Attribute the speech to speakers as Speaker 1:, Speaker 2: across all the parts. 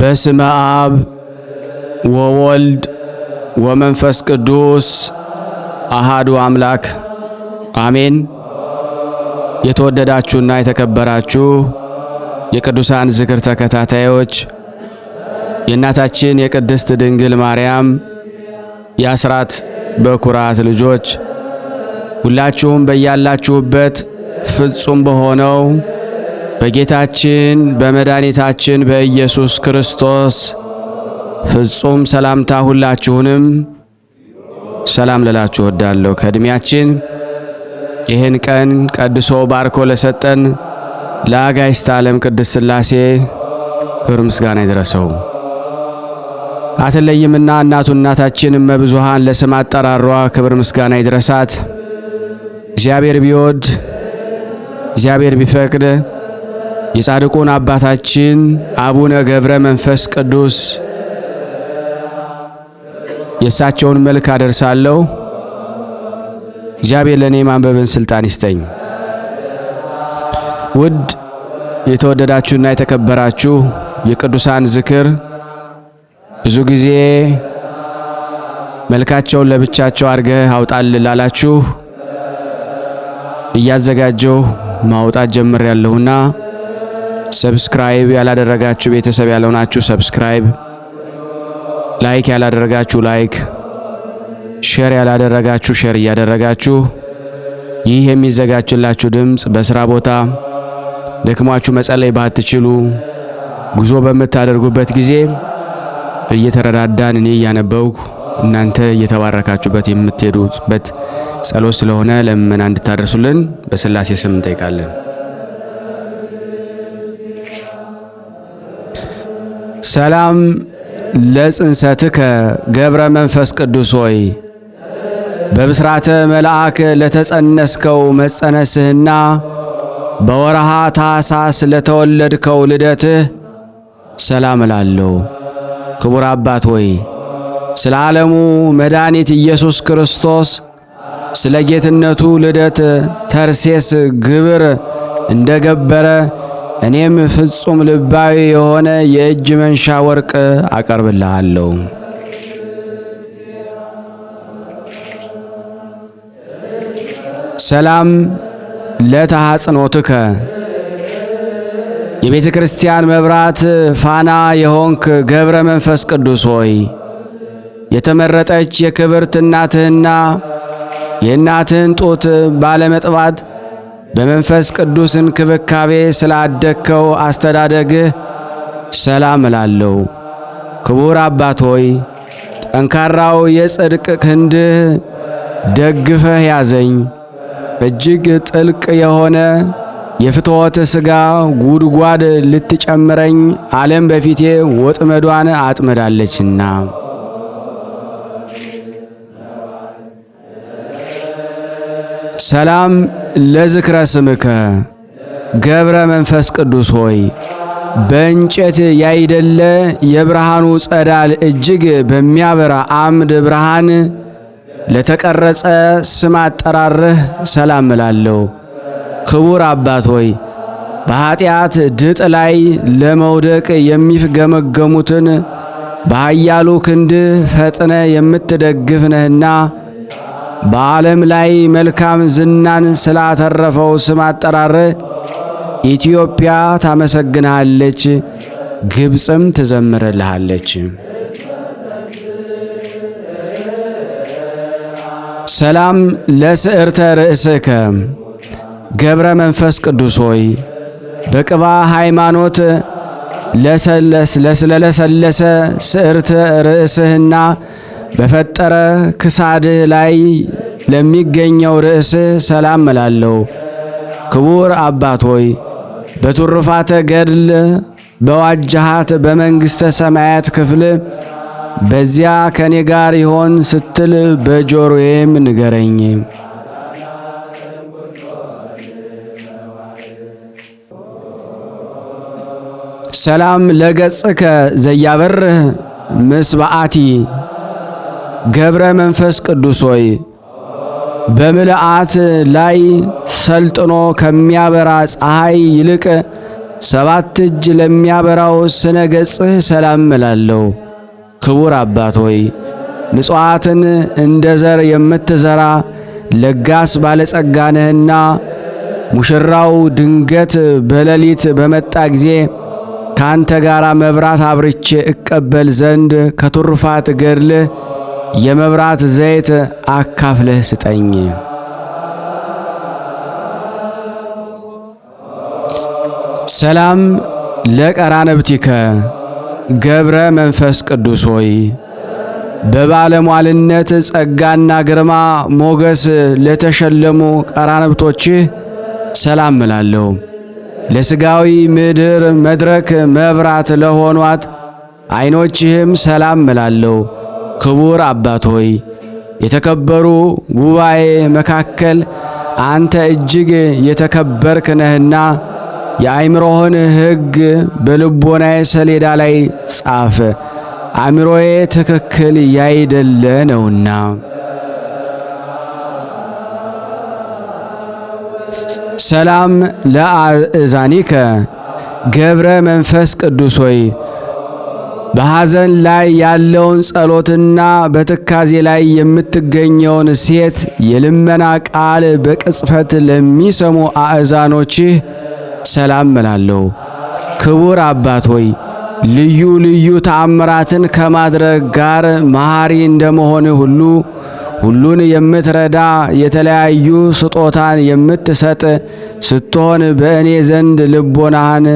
Speaker 1: በስመ አብ ወወልድ ወመንፈስ ቅዱስ አሃዱ አምላክ አሜን። የተወደዳችሁና የተከበራችሁ የቅዱሳን ዝክር ተከታታዮች የእናታችን የቅድስት ድንግል ማርያም የአስራት በኩራት ልጆች ሁላችሁም በያላችሁበት ፍጹም በሆነው በጌታችን በመድኃኒታችን በኢየሱስ ክርስቶስ ፍጹም ሰላምታ ሁላችሁንም ሰላም ልላችሁ እወዳለሁ ከእድሜያችን ይህን ቀን ቀድሶ ባርኮ ለሰጠን ለአጋዕዝተ ዓለም ቅድስት ሥላሴ ክብር ምስጋና ይድረሰው። አትለይምና እናቱ እናታችን እመብዙሃን ለስም አጠራሯ ክብር ምስጋና ይድረሳት። እግዚአብሔር ቢወድ እግዚአብሔር ቢፈቅድ የጻድቁን አባታችን አቡነ ገብረ መንፈስ ቅዱስ የእሳቸውን መልክ አደርሳለሁ። እግዚአብሔር ለእኔ ማንበብን ስልጣን ይስጠኝ። ውድ የተወደዳችሁና የተከበራችሁ የቅዱሳን ዝክር ብዙ ጊዜ መልካቸውን ለብቻቸው አድርገህ አውጣል ላላችሁ እያዘጋጀሁ ማውጣት ጀምር ጀምሬያለሁና ሰብስክራይብ ያላደረጋችሁ ቤተሰብ ያልሆናችሁ ሰብስክራይብ፣ ላይክ ያላደረጋችሁ ላይክ፣ ሼር ያላደረጋችሁ ሼር እያደረጋችሁ ይህ የሚዘጋጅላችሁ ድምፅ በስራ ቦታ ደክሟችሁ መጸለይ ባትችሉ ጉዞ በምታደርጉበት ጊዜ እየተረዳዳን እኔ እያነበብኩ እናንተ እየተባረካችሁበት የምትሄዱበት ጸሎት ስለሆነ ለምመና እንድታደርሱልን በስላሴ ስም እንጠይቃለን። ሰላም ለጽንሰትከ ገብረ መንፈስ ቅዱስ ሆይ በብስራተ መልአክ ለተጸነስከው መጸነስህና በወርሃ ታሳስ ለተወለድከው ልደትህ ሰላም እላለሁ። ክቡር አባት ሆይ ስለ ዓለሙ መድኃኒት ኢየሱስ ክርስቶስ ስለ ጌትነቱ ልደት ተርሴስ ግብር እንደገበረ እኔም ፍጹም ልባዊ የሆነ የእጅ መንሻ ወርቅ አቀርብልሃለሁ። ሰላም ለተሐጽኖትከ የቤተ ክርስቲያን መብራት ፋና የሆንክ ገብረ መንፈስ ቅዱስ ሆይ የተመረጠች የክብርት እናትህና የእናትህን ጡት ባለመጥባት በመንፈስ ቅዱስ እንክብካቤ ስላደግከው አስተዳደግህ ሰላም እላለሁ። ክቡር አባት ሆይ ጠንካራው የጽድቅ ክንድህ ደግፈህ ያዘኝ። እጅግ ጥልቅ የሆነ የፍትወት ሥጋ ጉድጓድ ልትጨምረኝ ዓለም በፊቴ ወጥመዷን አጥምዳለችና ሰላም ለዝክረ ስምከ ገብረ መንፈስ ቅዱስ ሆይ በእንጨት ያይደለ የብርሃኑ ጸዳል እጅግ በሚያበራ አምድ ብርሃን ለተቀረጸ ስም አጠራርህ ሰላም እላለሁ። ክቡር አባት ሆይ በኀጢአት ድጥ ላይ ለመውደቅ የሚፍገመገሙትን በኃያሉ ክንድህ ፈጥነ የምትደግፍ ነህና በዓለም ላይ መልካም ዝናን ስላተረፈው ስም አጠራር ኢትዮጵያ ታመሰግንሃለች፣ ግብፅም ትዘምርልሃለች። ሰላም ለስዕርተ ርእስከ ገብረ መንፈስ ቅዱስ ሆይ በቅባ ሃይማኖት ለስለለሰለሰ ስዕርተ ርእስህና በፈጠረ ክሳድህ ላይ ለሚገኘው ርዕስህ ሰላም እላለሁ። ክቡር አባት ሆይ በቱርፋተ ገድል በዋጀሃት በመንግሥተ ሰማያት ክፍል በዚያ ከኔ ጋር ይሆን ስትል በጆሮዬም ንገረኝ። ሰላም ለገጽከ ዘያበርህ ምስባአቲ ገብረ መንፈስ ቅዱስ ሆይ በምልአት ላይ ሰልጥኖ ከሚያበራ ፀሐይ ይልቅ ሰባት እጅ ለሚያበራው ስነ ገጽህ ሰላም እላለሁ። ክቡር አባት ሆይ ምጽዋትን እንደ ዘር የምትዘራ ለጋስ ነህና ሙሽራው ድንገት በሌሊት በመጣ ጊዜ ካንተ ጋር መብራት አብርቼ እቀበል ዘንድ ከቱርፋት ገድልህ የመብራት ዘይት አካፍለህ ስጠኝ። ሰላም ለቀራነብቲከ ገብረ መንፈስ ቅዱስ ሆይ በባለሟልነት ጸጋና ግርማ ሞገስ ለተሸለሙ ቀራነብቶችህ ሰላም እላለሁ። ለስጋዊ ምድር መድረክ መብራት ለሆኗት ዐይኖችህም ሰላም እላለሁ። ክቡር አባት ሆይ የተከበሩ ጉባኤ መካከል አንተ እጅግ የተከበርክ ነህና የአእምሮህን ሕግ በልቦናዬ ሰሌዳ ላይ ጻፍ፣ አእምሮዬ ትክክል ያይደለ ነውና። ሰላም ለአእዛኒከ ገብረ መንፈስ ቅዱስ ሆይ በሐዘን ላይ ያለውን ጸሎትና በትካዜ ላይ የምትገኘውን ሴት የልመና ቃል በቅጽፈት ለሚሰሙ አእዛኖችህ ሰላም እላለሁ። ክቡር አባት ሆይ ልዩ ልዩ ተአምራትን ከማድረግ ጋር መሐሪ እንደመሆን ሁሉ ሁሉን የምትረዳ የተለያዩ ስጦታን የምትሰጥ ስትሆን በእኔ ዘንድ ልቦናህን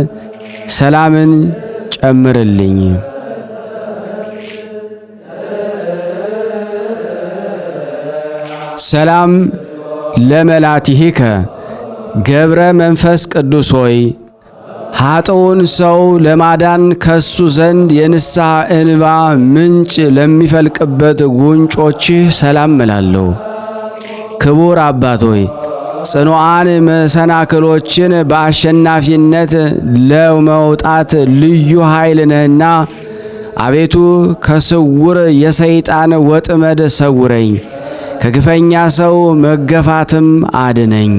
Speaker 1: ሰላምን ጨምርልኝ። ሰላም ለመላቲሂከ ገብረ መንፈስ ቅዱስ ሆይ ኀጥውን ሰው ለማዳን ከሱ ዘንድ የንስሐ እንባ ምንጭ ለሚፈልቅበት ጉንጮችህ ሰላም እላለሁ። ክቡር አባት ሆይ ጽኑዓን መሰናክሎችን በአሸናፊነት ለመውጣት ልዩ ኃይል ነህና አቤቱ ከስውር የሰይጣን ወጥመድ ሰውረኝ። ከግፈኛ ሰው መገፋትም አድነኝ።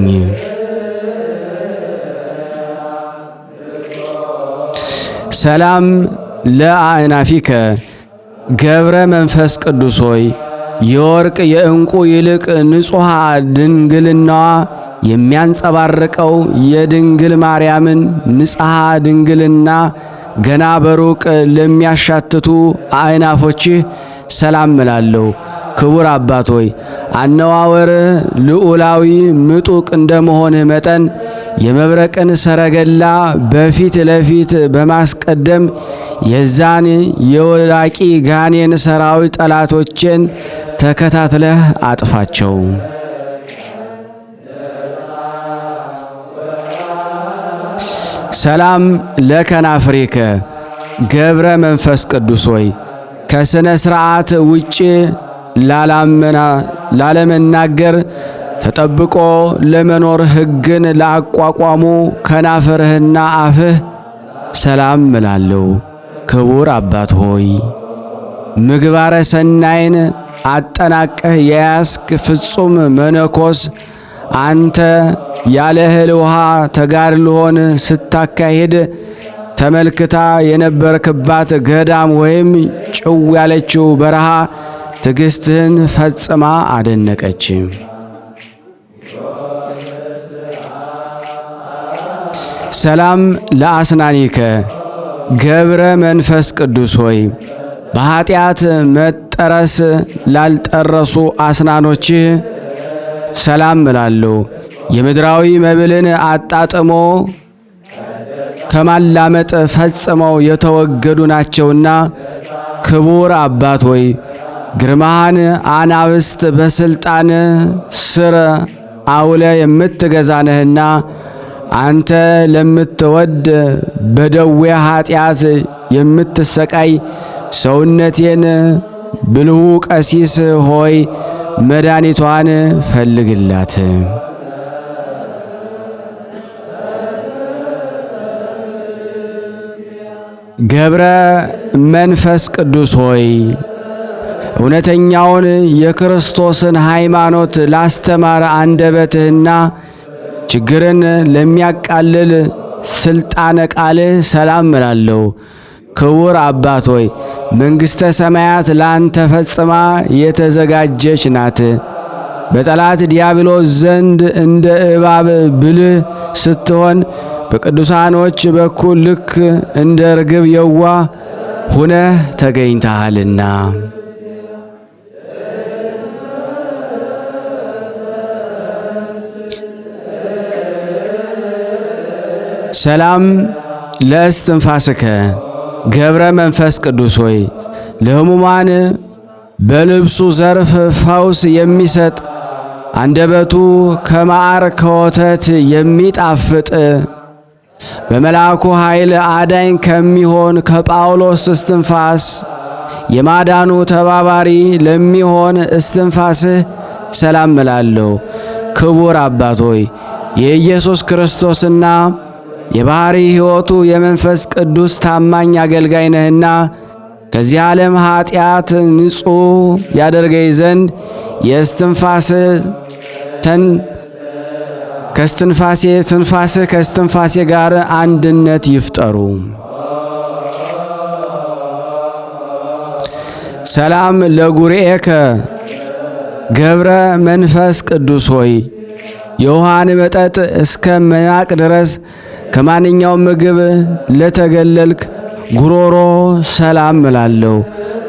Speaker 1: ሰላም ለአእናፊከ ገብረ መንፈስ ቅዱስ ሆይ የወርቅ የእንቁ ይልቅ ንጹሐ ድንግልናዋ የሚያንጸባርቀው የድንግል ማርያምን ንጽሐ ድንግልና ገና በሩቅ ለሚያሻትቱ አእናፎችህ ሰላም እላለሁ። ክቡር አባት ሆይ አነዋወር ልዑላዊ ምጡቅ እንደመሆንህ መጠን የመብረቅን ሰረገላ በፊት ለፊት በማስቀደም የዛን የወላቂ ጋኔን ሰራዊት ጠላቶችን ተከታትለህ አጥፋቸው። ሰላም ለከናፍሪከ ገብረ መንፈስ ቅዱስ ሆይ ከሥነ ሥርዓት ውጭ ላላመና ላለመናገር ተጠብቆ ለመኖር ሕግን ላቋቋሙ ከናፈርህና አፍህ ሰላም እላለሁ። ክቡር አባት ሆይ ምግባረ ሰናይን አጠናቀህ የያስክ ፍጹም መነኮስ አንተ ያለ እህል ውሃ ልሆን ስታካሄድ ተመልክታ የነበርክባት ገዳም ወይም ጭው ያለችው በረሃ ትዕግሥትህን ፈጽማ አደነቀች። ሰላም ለአስናኒከ ገብረ መንፈስ ቅዱስ ሆይ በኀጢአት መጠረስ ላልጠረሱ አስናኖችህ ሰላም እላለሁ። የምድራዊ መብልን አጣጥሞ ከማላመጥ ፈጽመው የተወገዱ ናቸውና ክቡር አባት ሆይ ግርማህን አናብስት በስልጣን ስር አውለ የምትገዛ ነህና አንተ ለምትወድ በደዌ ኃጢአት የምትሰቃይ ሰውነቴን ብልሁ ቀሲስ ሆይ መድኃኒቷን ፈልግላት። ገብረ መንፈስ ቅዱስ ሆይ እውነተኛውን የክርስቶስን ሃይማኖት ላስተማረ አንደበትህና ችግርን ለሚያቃልል ስልጣነ ቃልህ ሰላም እላለሁ። ክቡር አባት ሆይ መንግሥተ ሰማያት ላንተ ፈጽማ የተዘጋጀች ናት። በጠላት ዲያብሎስ ዘንድ እንደ እባብ ብልህ ስትሆን በቅዱሳኖች በኩል ልክ እንደ ርግብ የዋ ሁነህ ተገኝተሃልና ሰላም ለእስትንፋስከ ገብረ መንፈስ ቅዱስ ሆይ ለሕሙማን በልብሱ ዘርፍ ፈውስ የሚሰጥ አንደበቱ ከማዕር ከወተት የሚጣፍጥ በመልአኩ ኃይል አዳኝ ከሚሆን ከጳውሎስ እስትንፋስ የማዳኑ ተባባሪ ለሚሆን እስትንፋስህ ሰላም እላለሁ። ክቡር አባት ሆይ የኢየሱስ ክርስቶስና የባሕሪ ሕይወቱ የመንፈስ ቅዱስ ታማኝ አገልጋይ ነህና ከዚህ ዓለም ኀጢአት ንጹሕ ያደርገኝ ዘንድ የእስትንፋስህ ተን ከስትንፋሴ ትንፋስህ ጋር አንድነት ይፍጠሩ። ሰላም ለጉርኤከ ገብረ መንፈስ ቅዱስ ሆይ የውሃን መጠጥ እስከ መናቅ ድረስ ከማንኛውም ምግብ ለተገለልክ ጉሮሮ ሰላም እላለሁ።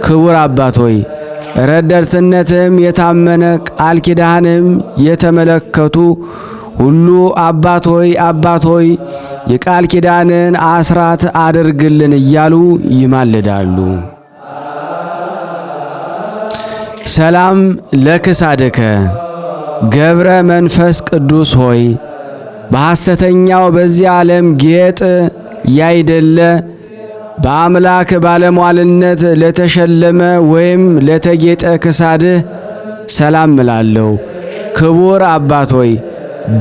Speaker 1: ክቡር አባት ሆይ ረዳትነትህም የታመነ ቃል ኪዳንህም የተመለከቱ ሁሉ አባት ሆይ አባት ሆይ የቃል ኪዳንን አስራት አድርግልን እያሉ ይማልዳሉ። ሰላም ለክሳድከ ገብረ መንፈስ ቅዱስ ሆይ በሐሰተኛው በዚህ ዓለም ጌጥ ያይደለ በአምላክ ባለሟልነት ለተሸለመ ወይም ለተጌጠ ክሳድህ ሰላም እላለሁ። ክቡር አባት ሆይ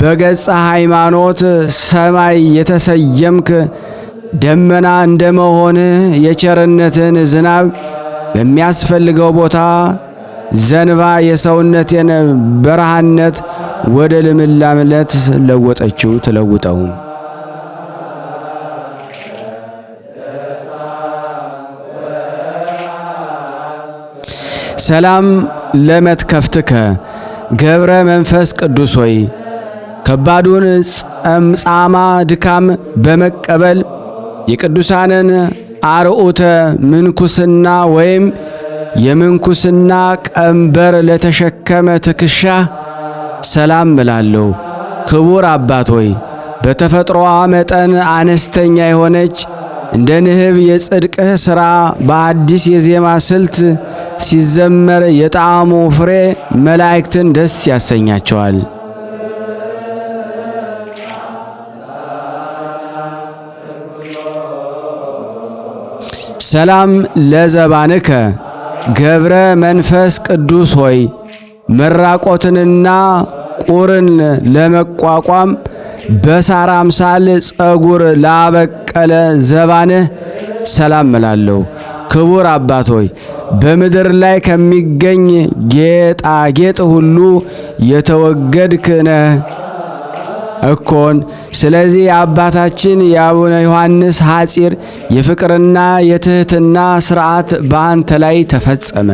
Speaker 1: በገጸ ሃይማኖት ሰማይ የተሰየምክ ደመና እንደመሆንህ የቸርነትን ዝናብ በሚያስፈልገው ቦታ ዘንባ የሰውነቴን በረሃነት ወደ ልምላምነት ለወጠችው ትለውጠው ሰላም ለመትከፍትከ ገብረ መንፈስ ቅዱስ ሆይ ከባዱን ጸምጻማ ድካም በመቀበል የቅዱሳንን አርዑተ ምንኩስና ወይም የምንኩስና ቀንበር ለተሸከመ ትከሻ ሰላም እላለሁ። ክቡር አባት ሆይ በተፈጥሮዋ መጠን አነስተኛ የሆነች እንደ ንህብ የጽድቅህ ሥራ በአዲስ የዜማ ስልት ሲዘመር የጣዕሙ ፍሬ መላእክትን ደስ ያሰኛቸዋል። ሰላም ለዘባንከ ገብረ መንፈስ ቅዱስ ሆይ መራቆትንና ቁርን ለመቋቋም በሳራ አምሳል ጸጉር ላበቀለ ዘባንህ ሰላም እላለሁ። ክቡር አባት ሆይ በምድር ላይ ከሚገኝ ጌጣጌጥ ሁሉ የተወገድክ ነህ። እኮን ስለዚህ አባታችን የአቡነ ዮሐንስ ሐጺር የፍቅርና የትህትና ስርዓት በአንተ ላይ ተፈጸመ።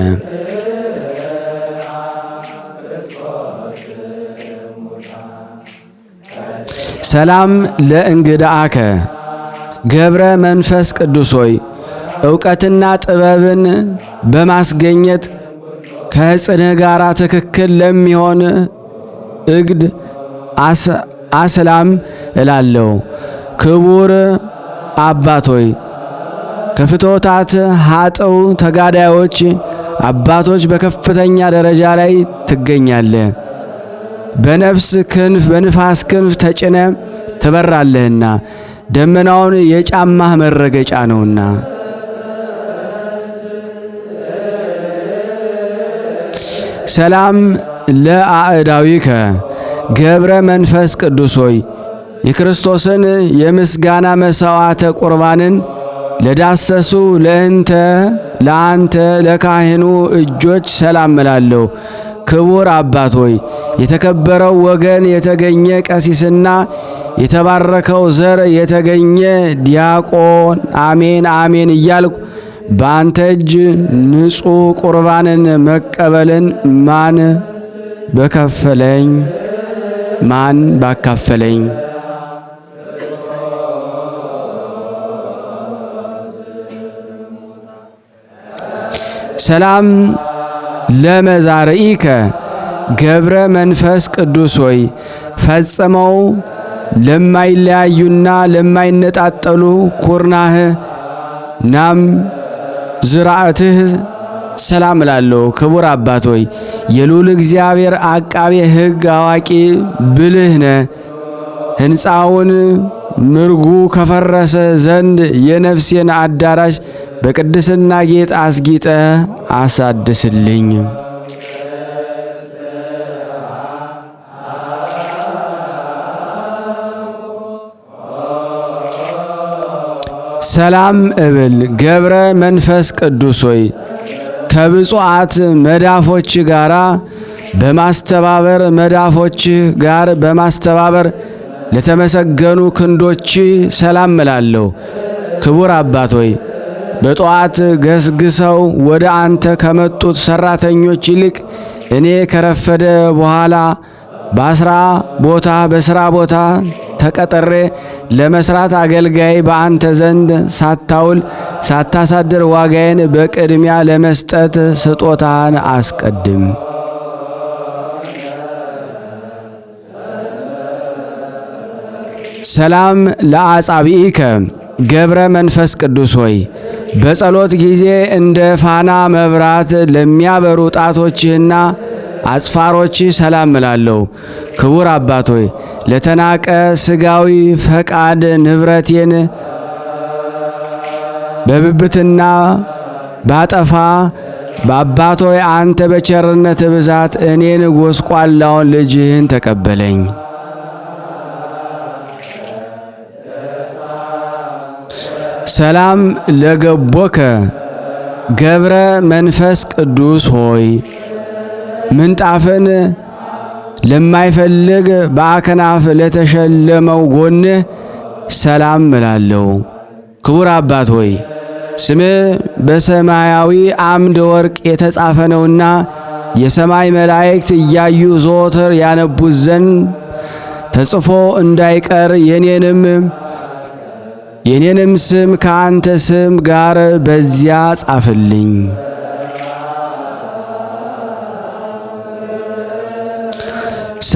Speaker 1: ሰላም ለእንግድአከ ገብረ መንፈስ ቅዱሶይ እውቀትና ጥበብን በማስገኘት ከሕፅንህ ጋር ትክክል ለሚሆን እግድ አሰላም እላለሁ። ክቡር አባቶይ ከፍቶታት ሀጠው ተጋዳዮች አባቶች በከፍተኛ ደረጃ ላይ ትገኛለ። በነፍስ ክንፍ በንፋስ ክንፍ ተጭነ ትበራለህና ደመናውን የጫማህ መረገጫ ነውና ሰላም ለአእዳዊከ ገብረ መንፈስ ቅዱስ ሆይ የክርስቶስን የምስጋና መሥዋዕተ ቁርባንን ለዳሰሱ ለእንተ ለአንተ ለካህኑ እጆች ሰላም እላለሁ። ክቡር አባት ሆይ የተከበረው ወገን የተገኘ ቀሲስና የተባረከው ዘር የተገኘ ዲያቆን አሜን አሜን እያልኩ በአንተ እጅ ንጹሕ ቁርባንን መቀበልን ማን በከፈለኝ ማን ባካፈለኝ ሰላም ለመዛርኢከ ገብረ መንፈስ ቅዱስ ሆይ ፈጽመው ለማይለያዩና ለማይነጣጠሉ ኩርናህ ናም ዝራእትህ ሰላም እላለሁ። ክቡር አባት ሆይ የልዑል እግዚአብሔር አቃቤ ሕግ አዋቂ ብልህ ነ ሕንፃውን ምርጉ ከፈረሰ ዘንድ የነፍሴን አዳራሽ በቅድስና ጌጥ አስጊጠ አሳድስልኝ። ሰላም እብል ገብረ መንፈስ ቅዱስ ሆይ ከብፁዓት መዳፎች ጋር በማስተባበር መዳፎች ጋር በማስተባበር ለተመሰገኑ ክንዶች ሰላም እላለሁ። ክቡር አባት ሆይ በጠዋት ገስግሰው ወደ አንተ ከመጡት ሰራተኞች ይልቅ እኔ ከረፈደ በኋላ በአስራ ቦታ በስራ ቦታ ተቀጠሬ ለመስራት አገልጋይ በአንተ ዘንድ ሳታውል ሳታሳድር ዋጋዬን በቅድሚያ ለመስጠት ስጦታህን አስቀድም። ሰላም ለአጻብኢከ ገብረ መንፈስ ቅዱስ ሆይ በጸሎት ጊዜ እንደ ፋና መብራት ለሚያበሩ ጣቶችህና አጽፋሮች ሰላም እላለሁ። ክቡር አባት ሆይ ለተናቀ ስጋዊ ፈቃድ ንብረቴን በብብትና ባጠፋ ሆይ አንተ በቸርነት ብዛት እኔን ጎስቋላውን ልጅህን ተቀበለኝ። ሰላም ለገቦከ ገብረ መንፈስ ቅዱስ ሆይ ምንጣፍን ለማይፈልግ በአከናፍ ለተሸለመው ጎንህ ሰላም እላለሁ። ክቡር አባት ሆይ ስምህ በሰማያዊ አምድ ወርቅ የተጻፈ ነውና የሰማይ መላእክት እያዩ ዘወትር ያነቡት ዘንድ ተጽፎ እንዳይቀር የኔንም የኔንም ስም ከአንተ ስም ጋር በዚያ ጻፍልኝ።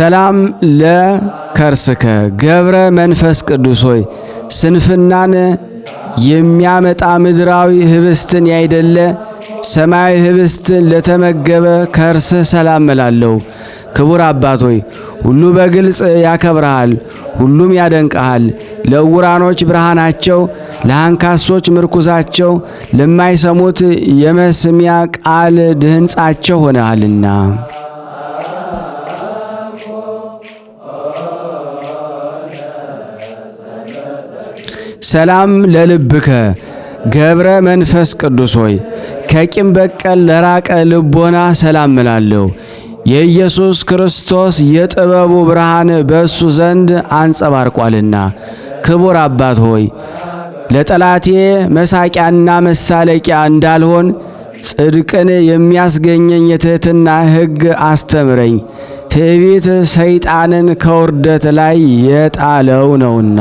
Speaker 1: ሰላም ለከርስከ ገብረ መንፈስ ቅዱስ ሆይ ስንፍናን የሚያመጣ ምድራዊ ህብስትን ያይደለ ሰማያዊ ህብስትን ለተመገበ ከርስ ሰላም እላለሁ። ክቡር አባት ሆይ ሁሉ በግልጽ ያከብረሃል፣ ሁሉም ያደንቀሃል። ለዕውራኖች ብርሃናቸው፣ ለአንካሶች ምርኩዛቸው፣ ለማይሰሙት የመስሚያ ቃል ድህንጻቸው ሆነሃልና ሰላም ለልብከ ገብረ መንፈስ ቅዱስ ሆይ ከቂም በቀል ለራቀ ልቦና ሰላም እላለሁ። የኢየሱስ ክርስቶስ የጥበቡ ብርሃን በእሱ ዘንድ አንጸባርቋልና። ክቡር አባት ሆይ ለጠላቴ መሳቂያና መሳለቂያ እንዳልሆን ጽድቅን የሚያስገኘኝ የትሕትና ሕግ አስተምረኝ። ትዕቢት ሰይጣንን ከውርደት ላይ የጣለው ነውና።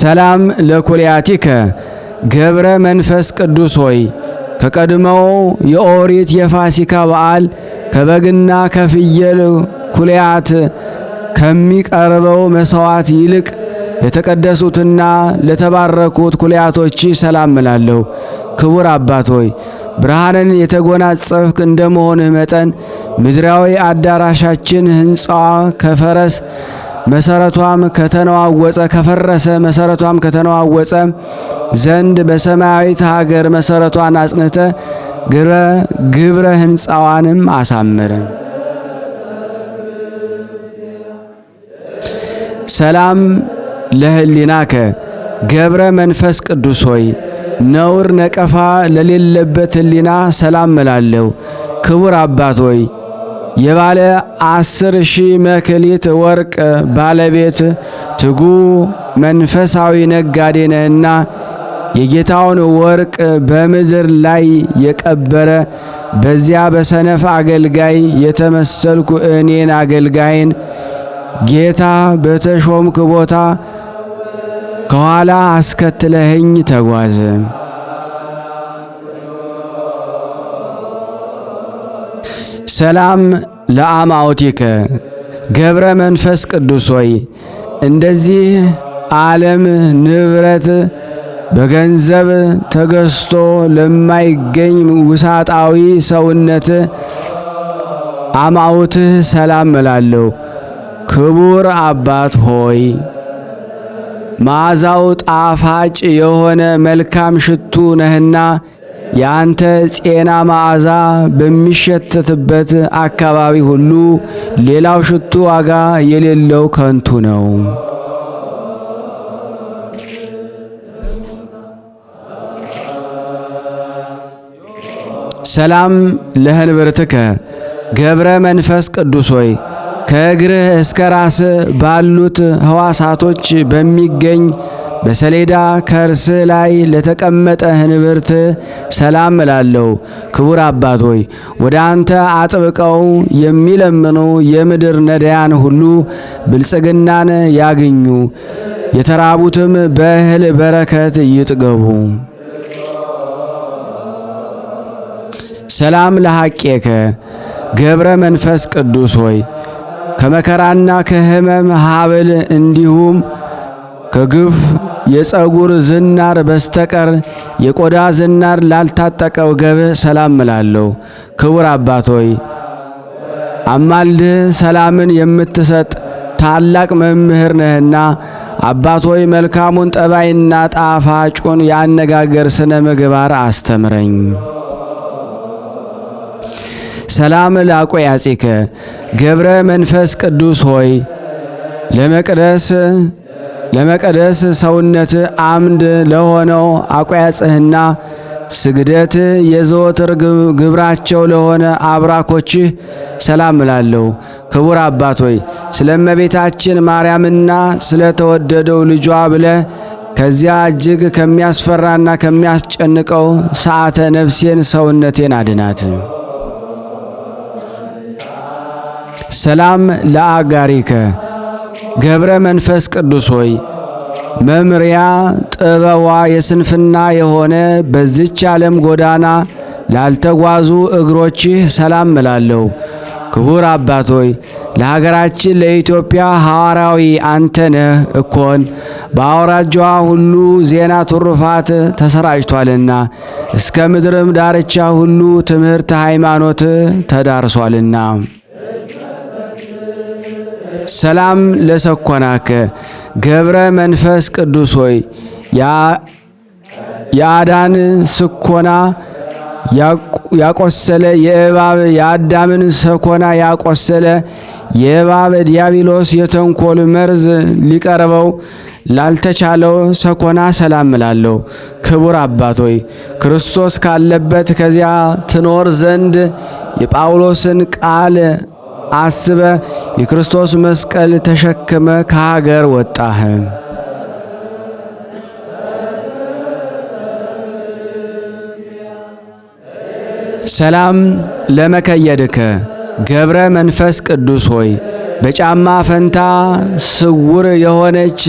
Speaker 1: ሰላም ለኩልያቲከ ገብረ መንፈስ ቅዱስ ሆይ ከቀድሞው የኦሪት የፋሲካ በዓል ከበግና ከፍየል ኩልያት ከሚቀርበው መሥዋዕት ይልቅ ለተቀደሱትና ለተባረኩት ኩልያቶች ሰላም እላለሁ። ክቡር አባት ሆይ ብርሃንን የተጎናጸፍክ እንደመሆንህ መጠን ምድራዊ አዳራሻችን ሕንፃዋ ከፈረስ መሰረቷም ከተነዋወፀ ከፈረሰ መሰረቷም ከተነዋወፀ ዘንድ በሰማያዊት ሀገር መሰረቷን አጽንተ ግብረ ህንፃዋንም አሳመረ። ሰላም ለህሊናከ ገብረ መንፈስ ቅዱስ ሆይ ነውር ነቀፋ ለሌለበት ህሊና ሰላም እላለሁ። ክቡር አባት ሆይ የባለ አስር ሺህ መክሊት ወርቅ ባለቤት ትጉ መንፈሳዊ ነጋዴ ነህና የጌታውን ወርቅ በምድር ላይ የቀበረ በዚያ በሰነፍ አገልጋይ የተመሰልኩ እኔን አገልጋይን ጌታ በተሾምክ ቦታ ከኋላ አስከትለህኝ ተጓዝ። ሰላም ለአማውቲከ ገብረ መንፈስ ቅዱስ ሆይ እንደዚህ ዓለም ንብረት በገንዘብ ተገዝቶ ለማይገኝ ውሳጣዊ ሰውነት አማውትህ ሰላም እላለሁ። ክቡር አባት ሆይ መዓዛው ጣፋጭ የሆነ መልካም ሽቱ ነህና ያንተ ጤና መዓዛ በሚሸተትበት አካባቢ ሁሉ ሌላው ሽቱ ዋጋ የሌለው ከንቱ ነው። ሰላም ለህንብርትከ ገብረ መንፈስ ቅዱስ ሆይ ከእግርህ እስከ ራስ ባሉት ህዋሳቶች በሚገኝ በሰሌዳ ከእርስ ላይ ለተቀመጠ ህንብርት ሰላም እላለሁ። ክቡር አባት ሆይ ወደ አንተ አጥብቀው የሚለምኑ የምድር ነዳያን ሁሉ ብልጽግናን ያግኙ፣ የተራቡትም በእህል በረከት ይጥገቡ። ሰላም ለሐቄከ ገብረ መንፈስ ቅዱስ ሆይ ከመከራና ከህመም ሀብል እንዲሁም ከግፍ የፀጉር ዝናር በስተቀር የቆዳ ዝናር ላልታጠቀው ገብህ ሰላም እላለሁ። ክቡር አባቶይ አማልድህ ሰላምን የምትሰጥ ታላቅ መምህር ነህና አባቶይ መልካሙን ጠባይና ጣፋጩን የአነጋገር ስነ ምግባር አስተምረኝ። ሰላም ላቆ ያጼከ ገብረ መንፈስ ቅዱስ ሆይ ለመቅደስ ለመቀደስ ሰውነት አምድ ለሆነው አቋያጽህና ስግደት የዘወትር ግብራቸው ለሆነ አብራኮችህ ሰላም እላለሁ። ክቡር አባት ሆይ ስለ እመቤታችን ማርያምና ስለ ተወደደው ልጇ ብለ ከዚያ እጅግ ከሚያስፈራና ከሚያስጨንቀው ሰዓተ ነፍሴን ሰውነቴን አድናት። ሰላም ለአጋሪከ ገብረ መንፈስ ቅዱስ ሆይ መምሪያ ጥበቧ የስንፍና የሆነ በዚች ዓለም ጎዳና ላልተጓዙ እግሮችህ ሰላም እላለሁ። ክቡር አባት ሆይ ለሀገራችን ለኢትዮጵያ ሐዋርያዊ አንተ ነህ እኮን በአውራጃዋ ሁሉ ዜና ትሩፋት ተሰራጭቷልና እስከ ምድርም ዳርቻ ሁሉ ትምህርት ሃይማኖት ተዳርሷልና ሰላም ለሰኮናከ ገብረ መንፈስ ቅዱስ ሆይ የአዳን ስኮና ያቆሰለ የእባብ የአዳምን ሰኮና ያቆሰለ የእባብ ዲያብሎስ የተንኮል መርዝ ሊቀርበው ላልተቻለው ሰኮና ሰላም እላለሁ። ክቡር አባቶይ ክርስቶስ ካለበት ከዚያ ትኖር ዘንድ የጳውሎስን ቃል አስበ የክርስቶስ መስቀል ተሸክመ ከሀገር ወጣህ። ሰላም ለመከየድከ ገብረ መንፈስ ቅዱስ ሆይ በጫማ ፈንታ ስውር የሆነች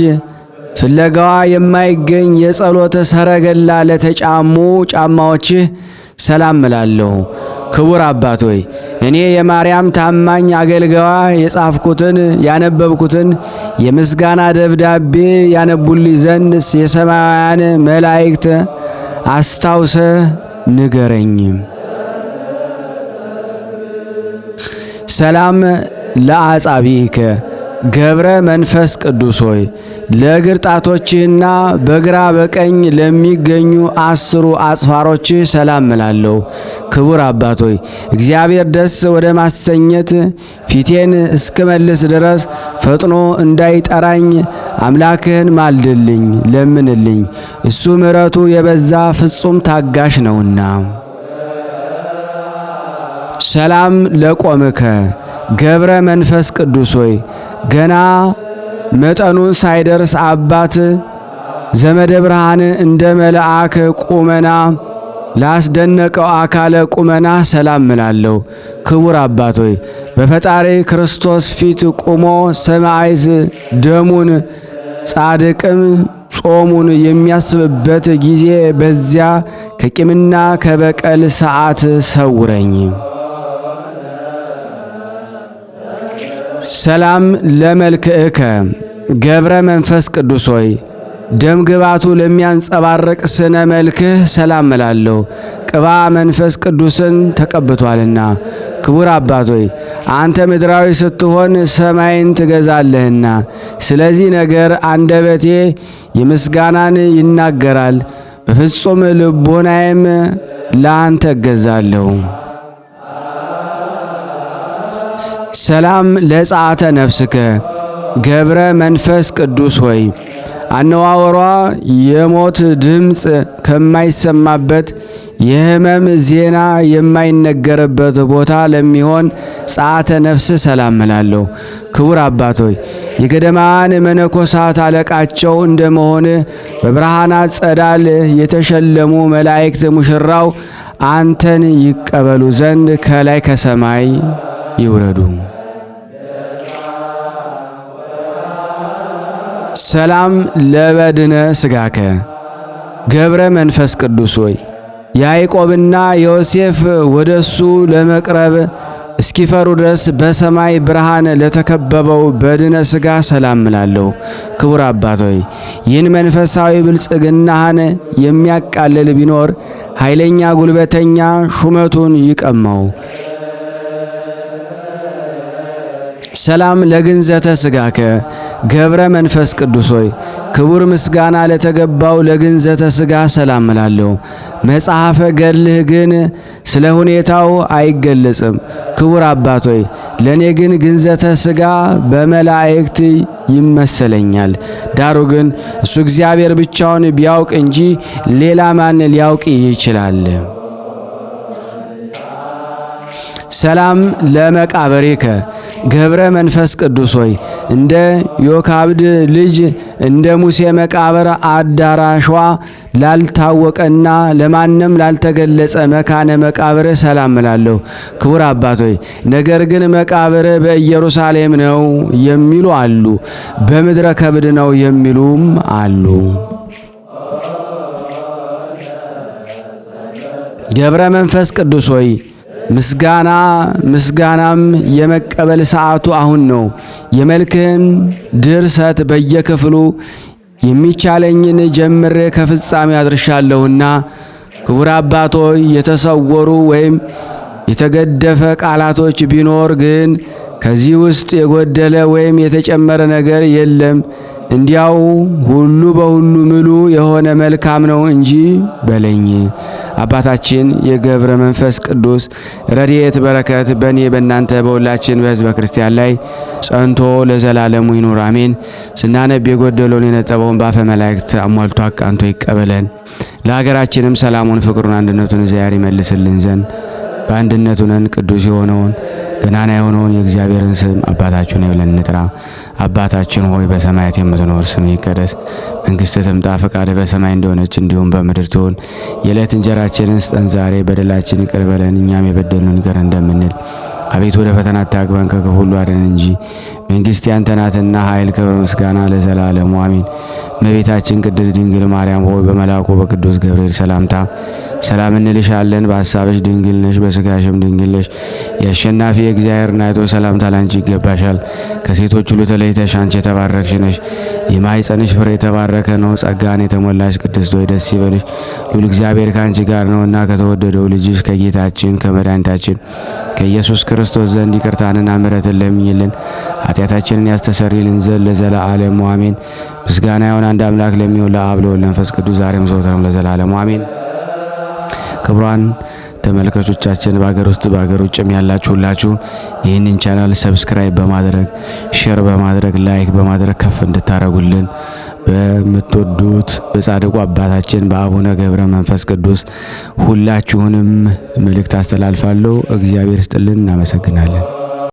Speaker 1: ፍለጋዋ የማይገኝ የጸሎተ ሰረገላ ለተጫሙ ጫማዎችህ ሰላም እላለሁ። ክቡር አባት ሆይ እኔ የማርያም ታማኝ አገልጋዋ የጻፍኩትን ያነበብኩትን የምስጋና ደብዳቤ ያነቡልኝ ዘንድ የሰማያን መላእክት አስታውሰ ንገረኝ። ሰላም ለአጻቢከ ገብረ መንፈስ ቅዱስ ሆይ ለእግር ጣቶችህና በግራ በቀኝ ለሚገኙ አስሩ አጽፋሮችህ ሰላም እላለሁ። ክቡር አባት ሆይ እግዚአብሔር ደስ ወደ ማሰኘት ፊቴን እስክመልስ ድረስ ፈጥኖ እንዳይጠራኝ አምላክህን ማልድልኝ፣ ለምንልኝ እሱ ምሕረቱ የበዛ ፍጹም ታጋሽ ነውና። ሰላም ለቆምከ ገብረ መንፈስ ቅዱስ ሆይ ገና መጠኑን ሳይደርስ አባት ዘመደ ብርሃን እንደ መልአክ ቁመና ላስደነቀው አካለ ቁመና ሰላም እላለሁ። ክቡር አባት ሆይ በፈጣሪ ክርስቶስ ፊት ቁሞ ሰማይ ደሙን ጻድቅም ጾሙን የሚያስብበት ጊዜ በዚያ ከቂምና ከበቀል ሰዓት ሰውረኝ። ሰላም ለመልክዕከ ገብረ መንፈስ ቅዱስ ሆይ ደም ግባቱ ለሚያንጸባርቅ ስነ መልክህ ሰላም እላለሁ፣ ቅባ መንፈስ ቅዱስን ተቀብቷልና። ክቡር አባቶይ አንተ ምድራዊ ስትሆን ሰማይን ትገዛለህና፣ ስለዚህ ነገር አንደበቴ የምስጋናን ይናገራል፣ በፍጹም ልቦናዬም ለአንተ እገዛለሁ። ሰላም ለጸአተ ነፍስከ ገብረ መንፈስ ቅዱስ ሆይ አነዋወሯ የሞት ድምፅ ከማይሰማበት የህመም ዜና የማይነገርበት ቦታ ለሚሆን ጸአተ ነፍስ ሰላም እላለሁ። ክቡር አባቶይ የገደማን መነኮሳት አለቃቸው እንደመሆን በብርሃና ጸዳል የተሸለሙ መላእክት ሙሽራው አንተን ይቀበሉ ዘንድ ከላይ ከሰማይ ይውረዱ። ሰላም ለበድነ ስጋከ ገብረ መንፈስ ቅዱስ ሆይ ያዕቆብና ዮሴፍ ወደሱ ለመቅረብ እስኪፈሩ ድረስ በሰማይ ብርሃን ለተከበበው በድነ ሥጋ ሰላም እላለሁ። ክቡር ሆይ ይህን መንፈሳዊ ብልጽግናህን የሚያቃልል ቢኖር ኃይለኛ ጉልበተኛ ሹመቱን ይቀማው። ሰላም ለግንዘተ ስጋከ ገብረ መንፈስ ቅዱስ ሆይ ክቡር ምስጋና ለተገባው ለግንዘተ ስጋ ሰላም እላለሁ። መጽሐፈ ገድልህ ግን ስለ ሁኔታው አይገለጽም። ክቡር አባት ሆይ ለእኔ ግን ግንዘተ ስጋ በመላእክት ይመሰለኛል። ዳሩ ግን እሱ እግዚአብሔር ብቻውን ቢያውቅ እንጂ ሌላ ማን ሊያውቅ ይችላል? ሰላም ለመቃብሬከ ገብረ መንፈስ ቅዱስ ሆይ እንደ ዮካብድ ልጅ እንደ ሙሴ መቃብር አዳራሿ ላልታወቀና ለማንም ላልተገለጸ መካነ መቃብር ሰላም እላለሁ። ክቡር ሆይ ነገር ግን መቃብር በኢየሩሳሌም ነው የሚሉ አሉ፣ በምድረ ከብድ ነው የሚሉም አሉ። ገብረ መንፈስ ቅዱስ ሆይ ምስጋና ምስጋናም የመቀበል ሰዓቱ አሁን ነው። የመልክህን ድርሰት በየክፍሉ የሚቻለኝን ጀምሬ ከፍጻሜ አድርሻለሁና ክቡር አባቶ የተሰወሩ ወይም የተገደፈ ቃላቶች ቢኖር ግን ከዚህ ውስጥ የጎደለ ወይም የተጨመረ ነገር የለም። እንዲያው ሁሉ በሁሉ ምሉ የሆነ መልካም ነው እንጂ በለኝ። አባታችን የገብረ መንፈስ ቅዱስ ረድኤት በረከት በእኔ በእናንተ በሁላችን በሕዝበ ክርስቲያን ላይ ጸንቶ ለዘላለሙ ይኑር አሜን። ስናነብ የጎደለውን የነጠበውን ባፈ መላእክት አሟልቶ አቃንቶ ይቀበለን። ለሀገራችንም ሰላሙን፣ ፍቅሩን፣ አንድነቱን እዚያር ይመልስልን ዘንድ በአንድነቱነን ቅዱስ የሆነውን ገናና የሆነውን የእግዚአብሔርን ስም አባታችሁን ብለን እንጥራ። አባታችን ሆይ በሰማያት የምትኖር ስምህ ይቀደስ፣ መንግሥትህ ትምጣ፣ ፈቃድህ በሰማይ እንደሆነች እንዲሁም በምድር ትሁን። የዕለት እንጀራችንን ስጠን ዛሬ፣ በደላችን ይቅር በለን እኛም የበደሉን ይቅር እንደምንል አቤት ወደ ፈተና አታግባን፣ ከክፉ ሁሉ አድነን እንጂ መንግሥት ያንተ ናትና፣ ኃይል፣ ክብር፣ ምስጋና ለዘላለሙ አሜን። እመቤታችን ቅድስት ድንግል ማርያም ሆይ በመልአኩ በቅዱስ ገብርኤል ሰላምታ ሰላም እንልሻለን። በሀሳብሽ ድንግል ነሽ፣ በስጋሽም ድንግል ነሽ። የአሸናፊ የእግዚአብሔር ናይቶ ሰላምታ ላንቺ ይገባሻል። ከሴቶች ሁሉ ተለይተሽ አንቺ የተባረክሽ ነሽ። የማይጸንሽ ፍሬ የተባረከ ነው። ጸጋን የተሞላሽ ቅድስት ሆይ ደስ ይበልሽ፣ ሉል እግዚአብሔር ከአንቺ ጋር ነውና ከተወደደው ልጅሽ ከጌታችን ከመድኃኒታችን ከኢየሱስ ክርስቶስ ዘንድ ይቅርታንና ምሕረትን ለምኝልን ኃጢአታችንን ያስተሰርይልን ዘንድ ለዘላለሙ አሜን። ምስጋና ይሁን አንድ አምላክ ለሚሆን ለአብ ለወልድ ለመንፈስ ቅዱስ ዛሬም ዘወትርም ለዘላለሙ አሜን። ክቡራን ተመልካቾቻችን በሀገር ውስጥ በሀገር ውጭም ያላችሁ ሁላችሁ ይህንን ቻናል ሰብስክራይብ በማድረግ ሼር በማድረግ ላይክ በማድረግ ከፍ እንድታደረጉልን በምትወዱት በጻድቁ አባታችን በአቡነ ገብረ መንፈስ ቅዱስ ሁላችሁንም መልእክት አስተላልፋለሁ። እግዚአብሔር ስጥልን። እናመሰግናለን።